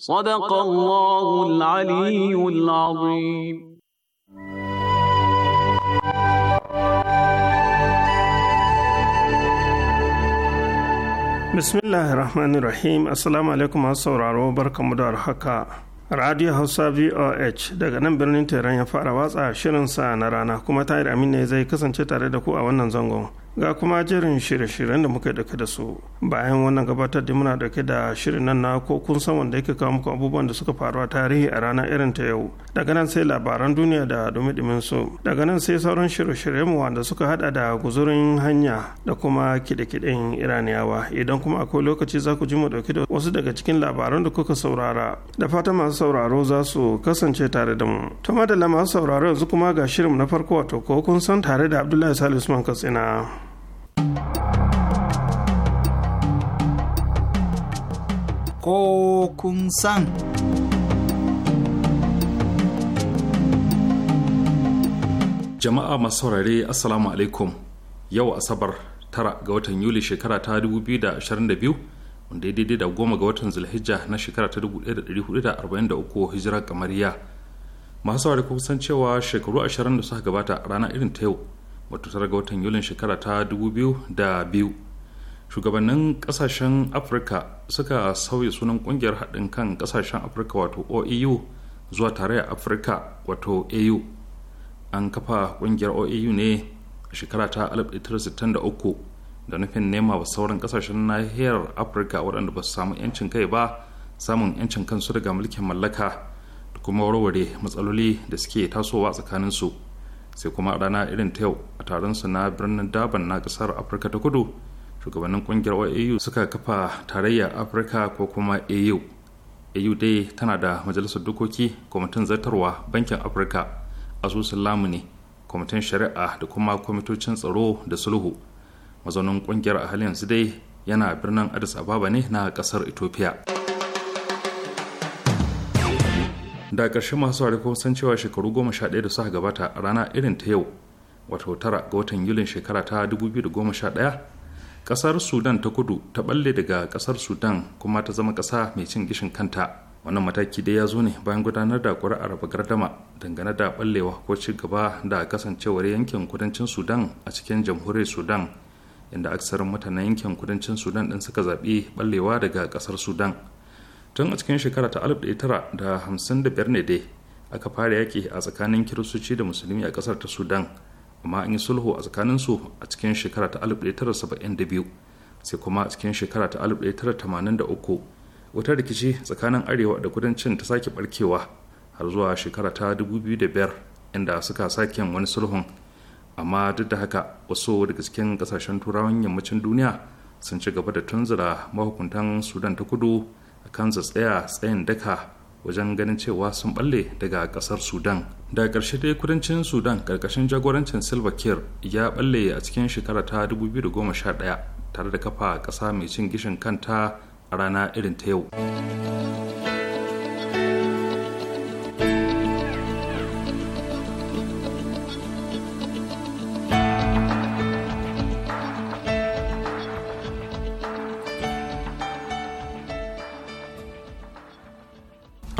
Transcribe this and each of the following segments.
صدق الله العلي العظيم bismillahir rahmanir rahim assalamu alaikum masu sauraro barkamu da haka radio hausa voh daga nan birnin tehran ya fara watsa shirin shirinsa na rana kuma tahir amin ne zai kasance tare da ku a wannan zangon ga kuma jerin shirye-shiryen da muka dauke da su bayan wannan gabatar da muna dauke da shirin nan na ko kun san wanda yake kawo muku abubuwan da suka faru a tarihi a ranar irin ta yau daga nan sai labaran duniya da dumi dumin su daga nan sai sauran shirye-shiryen mu wanda suka hada da guzurin hanya da kuma kide-kiden iraniyawa idan kuma akwai lokaci za ku ji mu dauke da wasu daga cikin labaran da kuka saurara da fata masu sauraro za su kasance tare da mu to madalla masu sauraro yanzu kuma ga shirin na farko wato ko kun san tare da abdullahi salisu man katsina ko kun san. Jama'a masu saurare Assalamu alaikum yau Asabar tara ga watan Yuli shekara ta 2022 wanda ya daidai da goma ga watan Zulhijja na shekara ta 1443 hijira kamariya. Masu saurari kun san cewa shekaru 20 da suka gabata rana irin ta yau wato tara ga watan Yulin shekara ta 2002 shugabannin kasashen afirka suka sauya sunan kungiyar haɗin kan kasashen afirka wato oeu zuwa tarayyar afirka wato au an kafa kungiyar oeu ne a shekara ta 1963 da nufin nema wa sauran kasashen nahiyar afirka waɗanda ba su samu 'yancin kai ba samun 'yancin kansu daga mulkin mallaka da kuma warware matsaloli da suke tasowa tsakanin su sai kuma rana irin ta yau a taron su na birnin daban na kasar afirka ta kudu shugabannin kungiyar oau suka kafa tarayya afirka ko kuma au au dai tana da majalisar dokoki kwamitin zartarwa bankin afirka asusun lamuni kwamitin shari'a da kuma kwamitocin tsaro da sulhu mazaunin kungiyar a halin yanzu dai yana birnin addis ababa ne na kasar ethiopia da ƙarshe masu wari kuma san cewa shekaru goma sha ɗaya da suka gabata rana irin ta yau wato tara ga watan yulin shekara ta sha ɗaya. kasar sudan ta kudu ta balle daga kasar sudan kuma ta zama kasa mai cin gishin kanta wannan mataki dai ya zo ne bayan gudanar da kuri'ar raba gardama dangane da ballewa ko ci gaba da kasancewar yankin kudancin sudan a cikin jamhuriyar sudan inda aksarin mutanen yankin kudancin sudan din suka zaɓi ballewa daga kasar sudan tun a cikin shekara ta 1955 ne dai aka fara yaƙi a tsakanin kiristoci da musulmi a kasar ta sudan amma an yi sulhu a tsakaninsu a cikin shekara ta 1972 sai kuma a cikin shekara ta 1983 wata rikici tsakanin arewa da kudancin ta sake barkewa har zuwa shekara ta 2005 inda suka sake wani sulhun amma duk da haka wasu daga cikin kasashen turawan yammacin duniya sun ci gaba da tunzura mahukuntan sudan ta kudu a kan tsaya tsayin daka wajen ganin cewa sun balle daga kasar sudan da ƙarshe dai kudancin sudan ƙarƙashin jagorancin silva kir ya balle a cikin shekara ta 2011 tare da kafa ƙasa mai cin gishin kanta a rana irin ta yau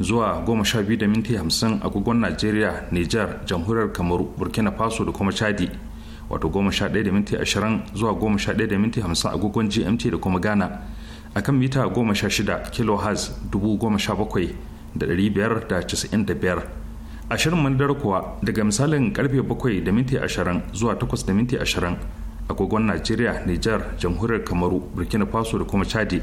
zuwa goma sha biyu da minti agogon najeriya nijar jamhuriyar kamaru burkina faso da kuma chadi wato goma sha ɗaya zuwa goma sha ɗaya agogon gmt da kuma ghana akan mita goma sha shida kilohertz dubu goma bakwai da biyar da da biyar ashirin mandar kuwa daga misalin karfe bakwai da minti ashirin zuwa takwas da minti ashirin agogon najeriya nijar jamhuriyar kamaru burkina faso da kuma chadi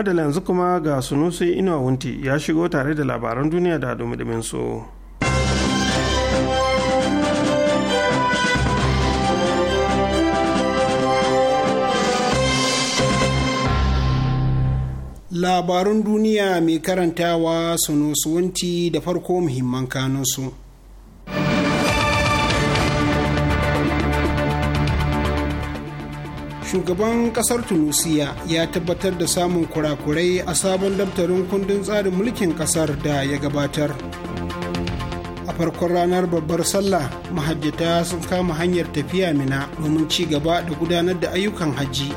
adala yanzu kuma ga sunusi inuwa wunti ya shigo tare da labaran duniya da dumi su. labarun duniya mai karantawa Wunti da farko muhimman kanunsu. shugaban kasar tunisia ya tabbatar da samun kurakurai a sabon daftarin kundin tsarin mulkin kasar da ya gabatar a farkon ranar babbar sallah mahajjata sun kama hanyar tafiya mina domin ci gaba da gudanar da ayyukan hajji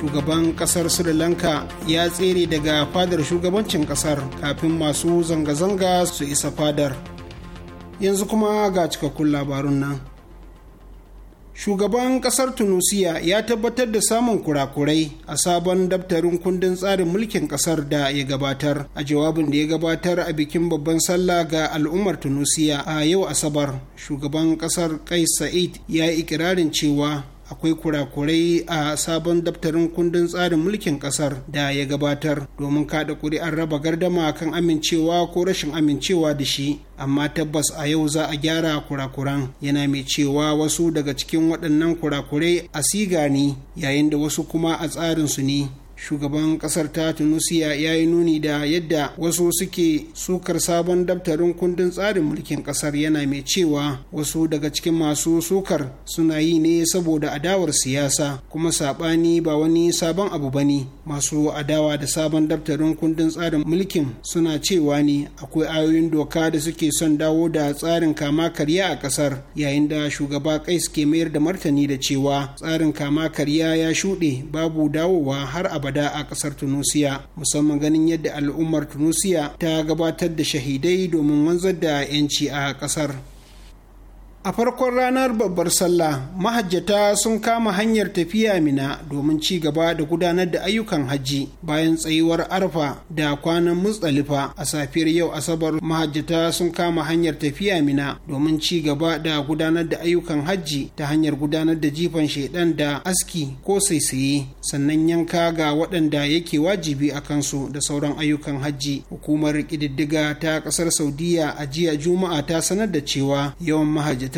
shugaban kasar sri lanka ya tsere daga fadar shugabancin kasar kafin masu zanga-zanga su isa fadar yanzu kuma ga cikakkun labarun nan shugaban kasar tunisia ya tabbatar da samun kurakurai a sabon daftarin kundin tsarin mulkin kasar da ya gabatar a jawabin da ya gabatar a bikin babban sallah ga al'ummar tunisia a yau asabar shugaban kasar kai sa'id ya yi ikirarin cewa akwai kurakurai a sabon daftarin kundin tsarin mulkin kasar da ya gabatar domin kada kuri'ar raba gardama kan amincewa ko rashin amincewa da shi amma tabbas a yau za a gyara kurakuran yana mai cewa wasu daga cikin waɗannan kurakurai a siga ne yayin da wasu kuma a tsarin su ne shugaban kasar ta tunisia ya yi nuni da yadda wasu suke sukar sabon daftarin kundin tsarin mulkin kasar yana mai cewa wasu daga cikin masu sukar suna yi ne saboda adawar siyasa kuma sabani ba wani sabon abu ba ne masu adawa da sabon daftarin kundin tsarin mulkin suna cewa ne akwai ayoyin doka da suke son dawo da tsarin kama karya a kasar yayin da shugaba kais suke mayar da martani da cewa tsarin kama karya ya shuɗe babu dawowa har abada abada a ƙasar tunisia musamman ganin yadda al'ummar tunisia ta gabatar da shahidai domin wanzar da 'yanci a ƙasar A farkon ranar babbar sallah, mahajjata sun kama hanyar tafiya mina domin ci gaba da gudanar da ayyukan hajji bayan tsayuwar arfa da kwanan mutsalifa a safiyar yau asabar mahajjata sun kama hanyar tafiya mina domin ci gaba da gudanar da ayyukan hajji ta hanyar gudanar da jifan shaidan da aski ko saisaye sannan yanka ga waɗanda yake wajibi a kansu da sauran ayyukan hajji hukumar ƙididdiga ta ƙasar saudiya a jiya juma'a ta sanar da cewa yawan mahajjata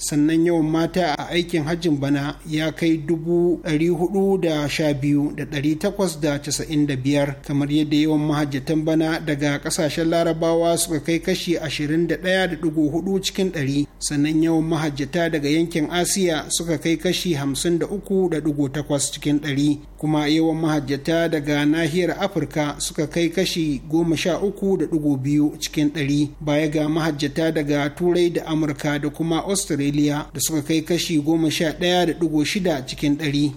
sannan yawan mata a aikin hajjin bana ya kai dubu da sha biyu da ɗari da casa'in da biyar kamar yadda yawan mahajjatan bana daga ƙasashen larabawa suka kai kashi ashirin da cikin ɗari sannan yawan mahajjata daga yankin asiya suka kai kashi hamsin da cikin ɗari kuma yawan mahajjata daga nahiyar afirka suka kai kashi goma sha cikin ɗari baya ga mahajjata daga turai da amurka da kuma australia Australia da suka kai kashi 11.6 cikin ɗari.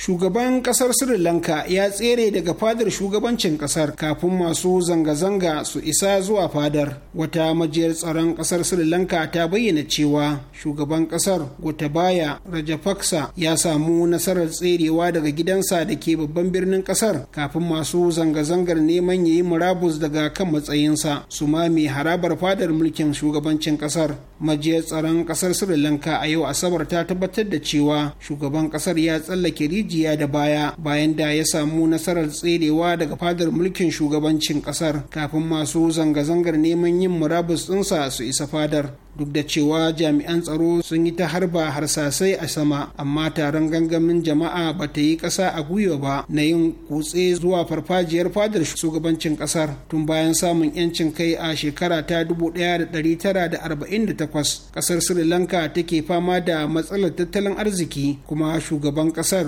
shugaban kasar sri lanka ya tsere daga fadar shugabancin kasar kafin masu zanga-zanga su isa zuwa fadar wata majiyar tsaron kasar sri lanka ta bayyana cewa shugaban kasar gotabaya rajapaksa ya samu nasarar tserewa daga gidansa da ke babban birnin kasar kafin masu zanga-zangar neman yayi murabus daga kan matsayinsa su mame harabar fadar mulkin shugabancin kasar majiyar tsaron kasar sri lanka a yau asabar ta tabbatar da cewa shugaban kasar ya tsallake rijiya da baya bayan da ya samu nasarar tserewa daga fadar mulkin shugabancin kasar kafin masu zanga-zangar neman yin murabus ɗinsa su isa fadar duk da cewa jami'an tsaro sun yi ta harba harsasai a sama amma taron gangamin jama'a ba ta yi ƙasa a gwiwa ba na yin kutse zuwa farfajiyar fadar shugabancin ƙasar tun bayan samun 'yancin kai a shekara ta 1948 ƙasar sri lanka take fama da matsalar tattalin arziki kuma shugaban ƙasar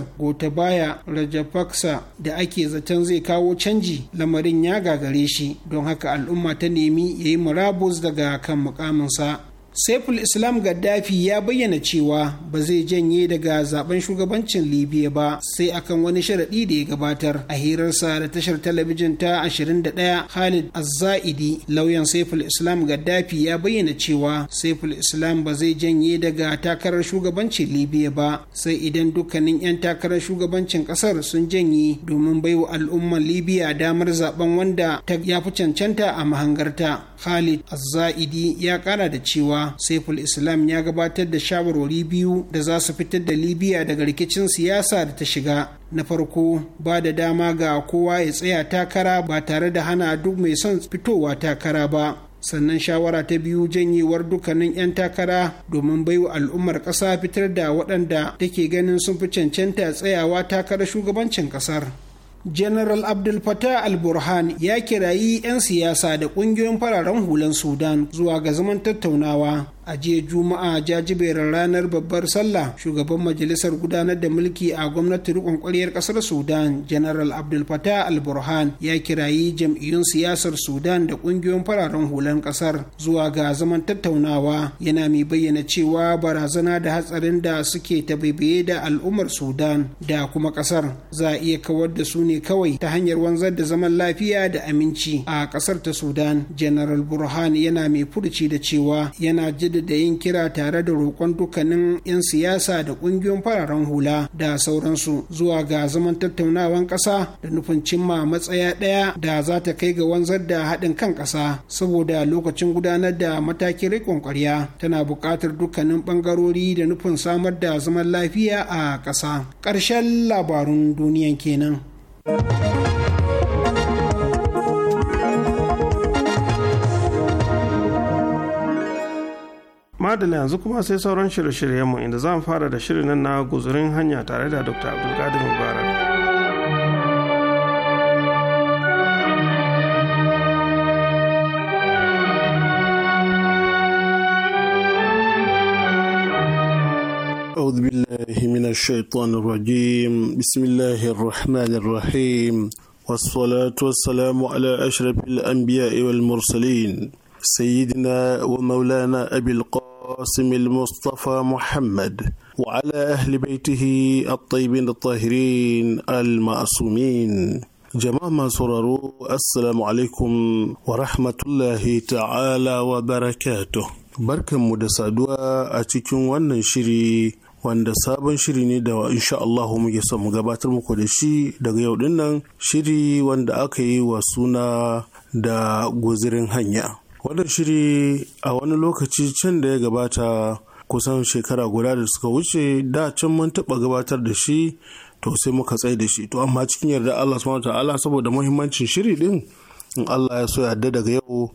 baya rajapaksa da ake zaton zai kawo canji lamarin ya gagare shi don haka al'umma ta nemi ya yi murabus daga kan mukaminsa saiful islam gaddafi ya bayyana cewa ba zai janye daga zaben shugabancin libya ba sai akan wani sharaɗi da ya gabatar a hirarsa da tashar talabijin ta 21 khalid azza'idi lauyan saiful islam gaddafi ya bayyana cewa saiful islam ba zai janye daga takarar shugabancin libya ba sai idan dukkanin 'yan takarar shugabancin kasar sun janye domin baiwa al'ummar libya damar zaben wanda ya fi cancanta a mahangarta khalid azzaidi ya kara da cewa saiful islam ya gabatar da shawarwari biyu da za su fitar da libya daga rikicin siyasa da ta shiga na farko ba da dama ga kowa ya tsaya takara ba tare da hana duk mai son fitowa takara ba sannan shawara ta biyu janyewar dukkanin 'yan takara domin baiwa al'ummar ƙasa fitar da waɗanda take ganin sun fi cancanta tsayawa takarar shugabancin ƙasar General Abdul Fattah al-Burhan ya kirayi 'yan siyasa da ƙungiyoyin fararen hulan Sudan zuwa ga zaman tattaunawa a jiya juma'a jajiberin ranar babbar sallah shugaban majalisar gudanar da mulki a gwamnatin rikon kwaryar kasar sudan general abdul fatah al burhan ya kirayi jam'iyyun siyasar sudan da kungiyoyin fararen hulan kasar zuwa ga zaman tattaunawa yana mai bayyana cewa barazana da hatsarin da suke tabaibaye da al'ummar sudan da kuma kasar za a iya kawar da su ne kawai ta hanyar wanzar da zaman lafiya da aminci a kasar ta sudan general burhan yana mai furuci da cewa yana jin jaddada yin kira tare da roƙon dukkanin 'yan siyasa da ƙungiyoyin fararen hula da sauransu zuwa ga zaman tattaunawan ƙasa da nufin cimma matsaya ɗaya da za ta kai ga wanzar da haɗin kan ƙasa saboda lokacin gudanar da matakin riƙon ƙwarya tana buƙatar dukkanin ɓangarori da nufin samar da zaman lafiya a ƙasa ƙarshen labarun duniyan kenan. madalla yanzu kuma sai sauran shirye-shiryenmu inda za mu fara da shirin nan na guzurin hanya tare da dr abdulkadir mubarak أعوذ بالله من الشيطان الرجيم بسم mursalin الرحمن الرحيم والصلاة والسلام القاسم المصطفى محمد وعلى أهل بيته الطيبين الطاهرين المعصومين jama'a sauraro assalamu alaikum wa rahmatullahi ta'ala wa barkan mu da saduwa a cikin wannan shiri wanda sabon shiri ne da insha Allahu muke so mu gabatar muku da shi daga yau din shiri wanda aka yi wa suna da guzirin hanya wannan shiri a wani lokaci can da ya gabata kusan shekara guda da suka wuce da can mun taɓa gabatar da shi to sai muka tsaye da shi to amma cikin yarda Allah subhanahu ta'ala saboda muhimmancin shiri din in Allah ya so yarda daga yau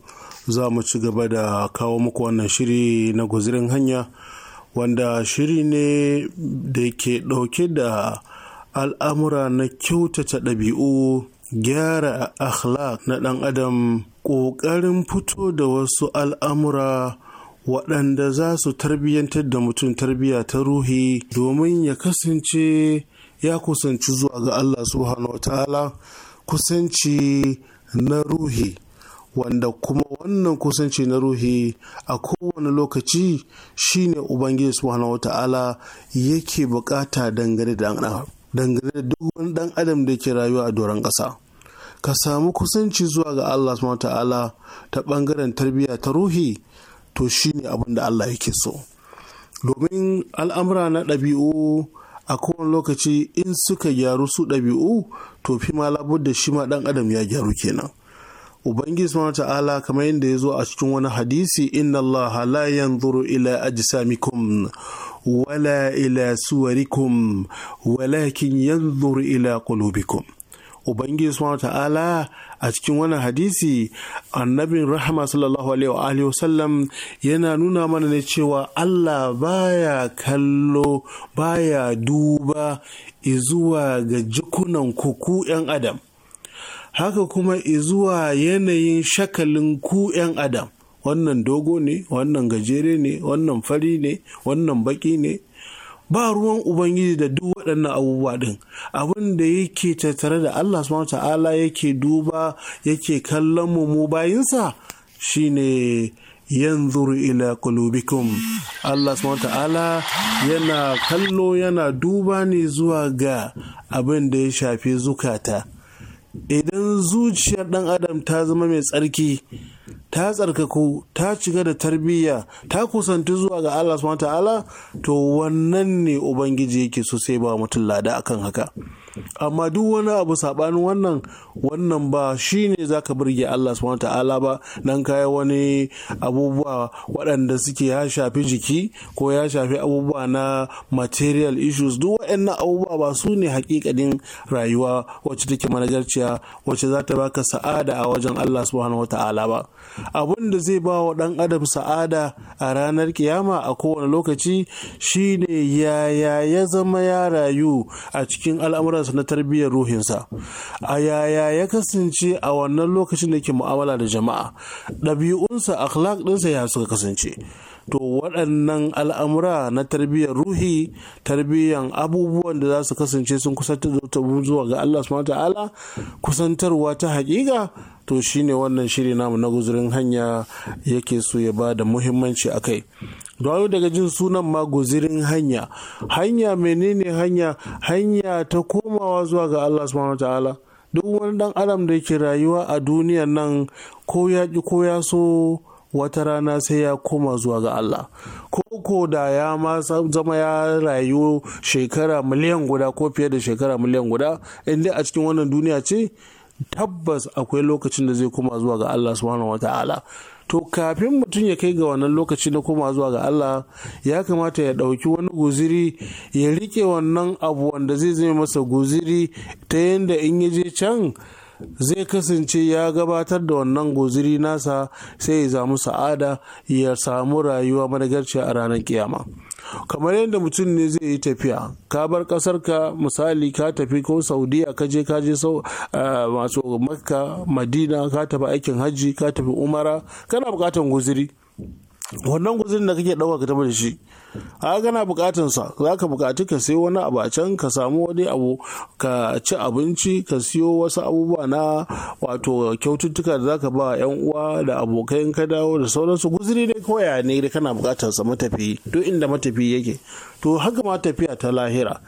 za mu ci gaba da kawo muku wannan shiri na guzirin hanya wanda shiri ne da ke ɗauke da al'amura na kyautata ɗabi'u gyara akhlaq na ɗan adam ƙoƙarin fito da wasu al'amura waɗanda za su tarbiyyantar da mutum tarbiyya ta ruhi domin ya kasance ya kusanci zuwa ga Allah subhanahu wa ta'ala kusanci na ruhi wanda kuma wannan kusanci na ruhi a kowane lokaci shine ubangiji subhanahu wa ta'ala yake bukata dangane da duk wani dan adam da ke rayuwa a doron ƙasa. ka samu kusanci zuwa ga Allah ta'ala ta bangaren tarbiyya ta ruhi to shine abin da Allah yake so domin al'amura na ɗabi'u a kowane lokaci in suka gyaru su ɗabi'u to fi ma da shi ma ɗan adam ya gyaru kenan ubangiji subhanahu ta'ala kamar yadda ya zo a cikin wani hadisi inna Allah la yanzuru ila ajsamikum wala ila suwarikum walakin yanzuru ila qulubikum ubangiji subhanahu ta'ala a cikin wannan hadisi annabin rahama sallallahu alaihi wa sallam yana nuna mana ne cewa Allah baya kallo baya duba izuwa ga jikunan kuku 'yan adam haka kuma izuwa yanayin shakalin ku 'yan adam wannan dogo ne wannan gajere ne wannan fari ne wannan baki ne ba ruwan ubangiji da duk waɗannan abubuwa ɗin abin da yake tattare da allah subhanahu ta'ala yake duba yake kallon mu mu bayinsa shine yanzuru ila kulubikum allah subhanahu ta'ala yana kallo yana duba ne zuwa ga abin da ya shafi zukata idan zuciyar ɗan adam ta zama mai tsarki ta tsarkaku ta shiga da tarbiyya ta kusanci zuwa ga Allah subhanahu ta'ala to wannan ne ubangiji yake so sai ba mutum lada akan haka amma duk wani abu saɓanin wannan wannan ba za ka burge Allah subhanahu ta'ala ba nan kayi wani abubuwa waɗanda suke ya shafi jiki ko ya shafi abubuwa na material issues duk waɗannan abubuwa ba su ne hakikanin rayuwa wacce take manajarciya wacce za ta baka sa'ada a wajen Allah subhanahu ta'ala ba abin da zai ba wa dan adam sa'ada a ranar kiyama a kowane lokaci shine yaya ya zama ya rayu a cikin al'amuran na tarbiyyar ruhinsa a yaya ya kasance a wannan lokacin da ke mu'amala da jama'a ɗabi'unsa akhlaq ɗinsa ya suka kasance to waɗannan al'amura na tarbiyyar ruhi tarbiyyar abubuwan da za su kasance sun kusantar zuwa ga Allah subhanahu ta'ala kusantarwa ta haƙiƙa to shine wannan shiri namu na guzurin hanya yake so ya ba da muhimmanci a kai dawo daga jin sunan ma guzirin hanya hanya menene hanya hanya ta komawa zuwa ga Allah subhanahu ta'ala duk wani dan adam da yake rayuwa a duniyan nan ko ya ki ko ya so wata rana sai ya koma zuwa ga Allah ko ko da ya ma zama ya rayu shekara miliyan guda ko fiye da shekara miliyan guda inda a cikin wannan duniya ce tabbas akwai lokacin da zai koma zuwa ga Allah subhanahu ta'ala to kafin mutum ya kai ga wannan lokaci na koma zuwa ga Allah ya kamata ya ɗauki wani guziri ya rike wannan abu wanda zai zama masa guziri ta yadda in ya je can zai kasance ya gabatar da wannan guziri nasa sai ya samu sa'ada ya samu rayuwa managarci a ranar kiyama kamar yadda mutum ne zai yi tafiya ka bar kasar ka misali ka tafi ko saudiya ka je ka je masu makka madina ka tafi aikin hajji ka tafi umara kana bukatan guziri wannan guzirin da kake ɗauka ka tafi da shi a kana bukatunsa sa za ka bukaci ka sayo wani abu a can ka samu wani abu ka ci abinci ka siyo wasu abubuwa na wato kyaututtuka da za ka ba yan uwa da abokan ka dawo da sauransu guzuri dai koya ne da kana bukatar sa matafi duk inda matafi yake to haka ma tafiya ta lahira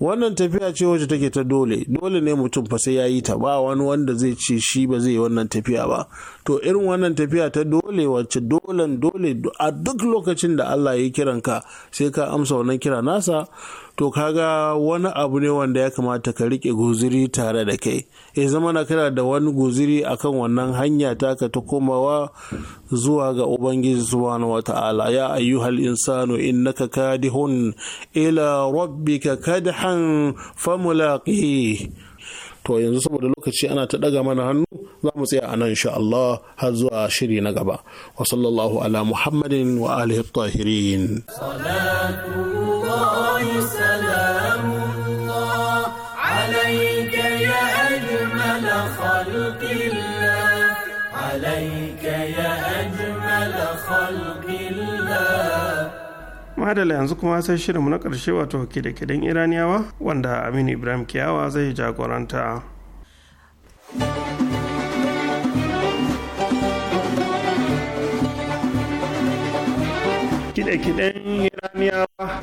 wannan tafiya ce wacce take ta dole dole ne mutum fa sai ya yi ta ba wani wanda zai ce shi ba zai yi wannan tafiya ba to irin wannan tafiya ta dole wacce dolen dole a duk lokacin da Allah ya kiranka ka sai ka amsa wannan kira nasa to kaga wani abu ne wanda ya kamata ka rike guziri tare da kai ya zama na kana da wani guziri akan wannan hanya taka ta komawa zuwa ga ubangiji subhanahu wata'ala ya ayyuhal insanu innaka kadihun ila rabbika kadhan famulaqih to yanzu saboda lokaci ana ta daga mana hannu za mu tsaya a nan insha Allah har zuwa shiri na gaba wa sallallahu ala muhammadin wa alihi tahirin madala yanzu kuma sai shirinmu na ƙarshe wato kide iraniyawa wanda aminu ibrahim kiyawa zai jagoranta kide-kiden iraniyawa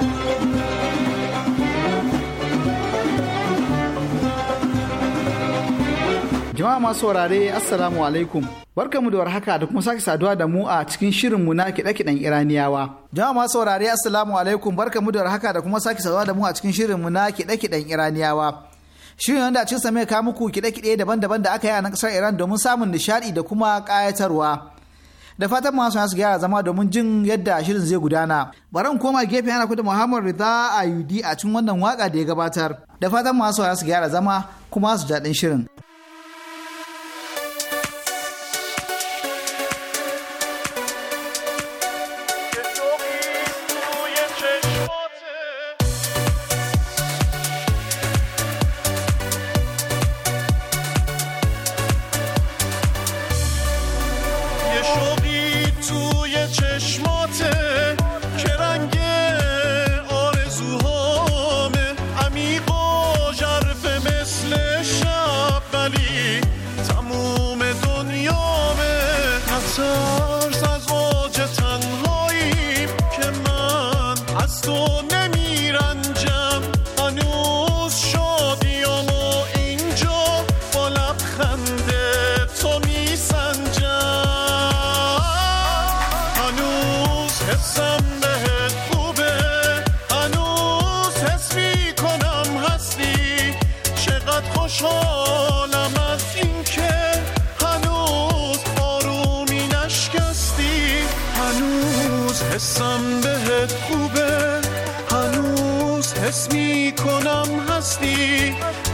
masu saurare Assalamu alaikum. Barkanmu da warhaka da kuma sake saduwa da mu a cikin shirin mu na kiɗe-kiɗen Iraniyawa. Jama'a masu saurare Assalamu alaikum barkanmu da warhaka da kuma sake saduwa da mu a cikin shirin mu na kiɗe-kiɗen Iraniyawa. Shirin wanda a cikin same ka muku kiɗe-kiɗe daban-daban da aka yi a nan ƙasar Iran domin samun nishaɗi da kuma ƙayatarwa. Da fatan masu su gyara zama domin jin yadda shirin zai gudana. mu koma gefe ana kudu Muhammad Rida Ayudi a cikin wannan waka da ya gabatar. Da fatan masu su gyara zama kuma su daɗin shirin.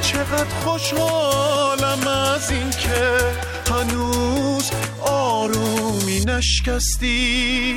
چقدر خوشحالم از این که هنوز آرومی نشکستی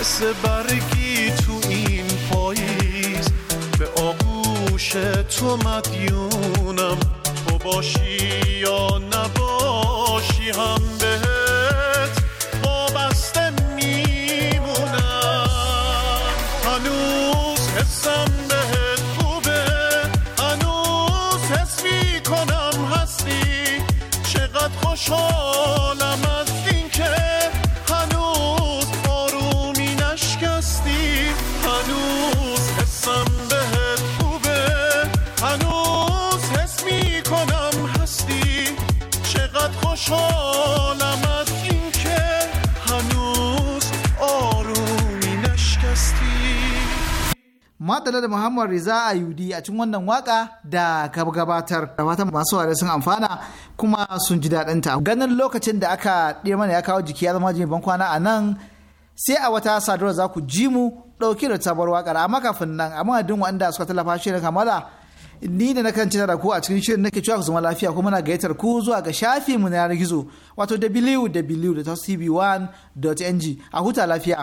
مثل برگی تو این پاییز به آغوش تو مدیونم تو باشی یا نباشی هم بهت وابسته میمونم هنوز حسم بهت خوبه هنوز حس میکنم هستی چقدر خوشحال madala da muhammad riza ayudi a cikin wannan waka da ka gabatar da mata masu ware sun amfana kuma sun ji daɗin ta ganin lokacin da aka ɗiya mana ya kawo jiki ya zama jimi kwana a nan sai a wata sadarwa za ku ji mu ɗauki da sabuwar wakar amma kafin nan amma duk wanda suka tallafa shi na kamala ni da na nakan ci da ku a cikin shirin nake cewa ku zama lafiya kuma na gayyatar ku zuwa ga shafi mu na yanar gizo wato www.tv1.ng a huta lafiya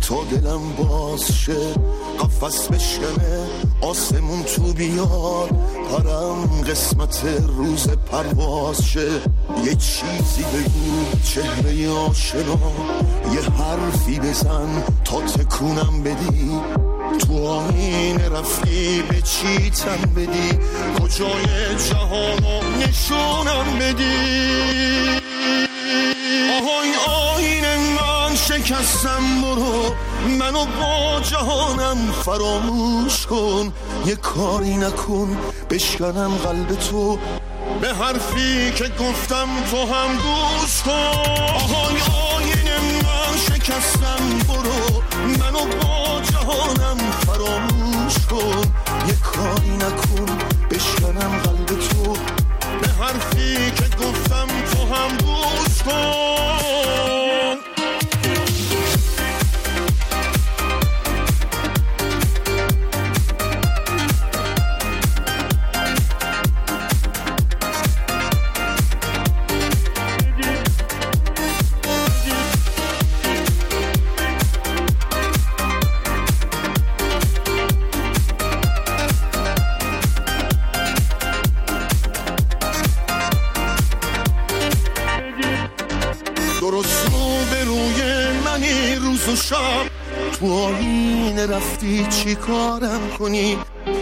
تا دلم باز شه قفص بشکنه آسمون تو بیاد پرم قسمت روز پرواز شه یه چیزی بگو چهره آشنا یه حرفی بزن تا تکونم بدی تو آمین رفتی به چیتم بدی کجای جهانو نشونم بدی شکستم برو منو با جهانم فراموش کن یه کاری نکن بشکنم قلب تو به حرفی که گفتم تو هم گوش کن آهای آین من شکستم برو منو با جهانم فراموش کن یه کاری نکن کارم کنی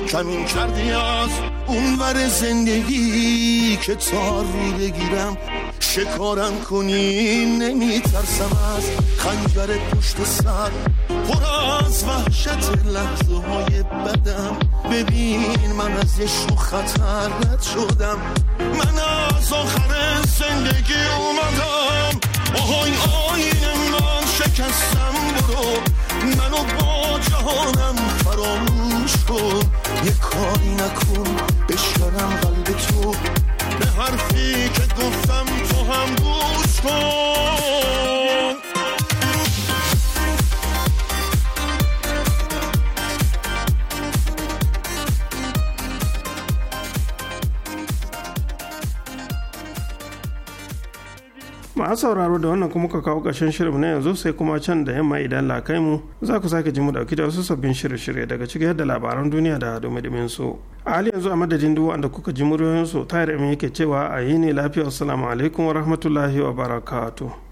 کمین کردی از اونور زندگی که تار رو بگیرم شکارم کنی نمی ترسم از خنجر پشت سر پر از وحشت لحظه های بدم ببین من از یه شو خطر رد شدم من از آخر زندگی اومدم آهای آین من شکستم برو منو با جهانم یه کاری نکن بشکنم قلب تو به حرفی که masu sauraro da wannan kuma ka kawo ƙarshen shirin na yanzu sai kuma can da yamma idan lakai mu za ku sake ji mu dauki da wasu sabbin shirye-shirye daga cikin da labaran duniya da dumi su a hali yanzu a madadin duk wanda kuka ji muryoyin su tayar yake cewa a yi ne lafiya assalamu alaikum wa rahmatullahi wa barakatuh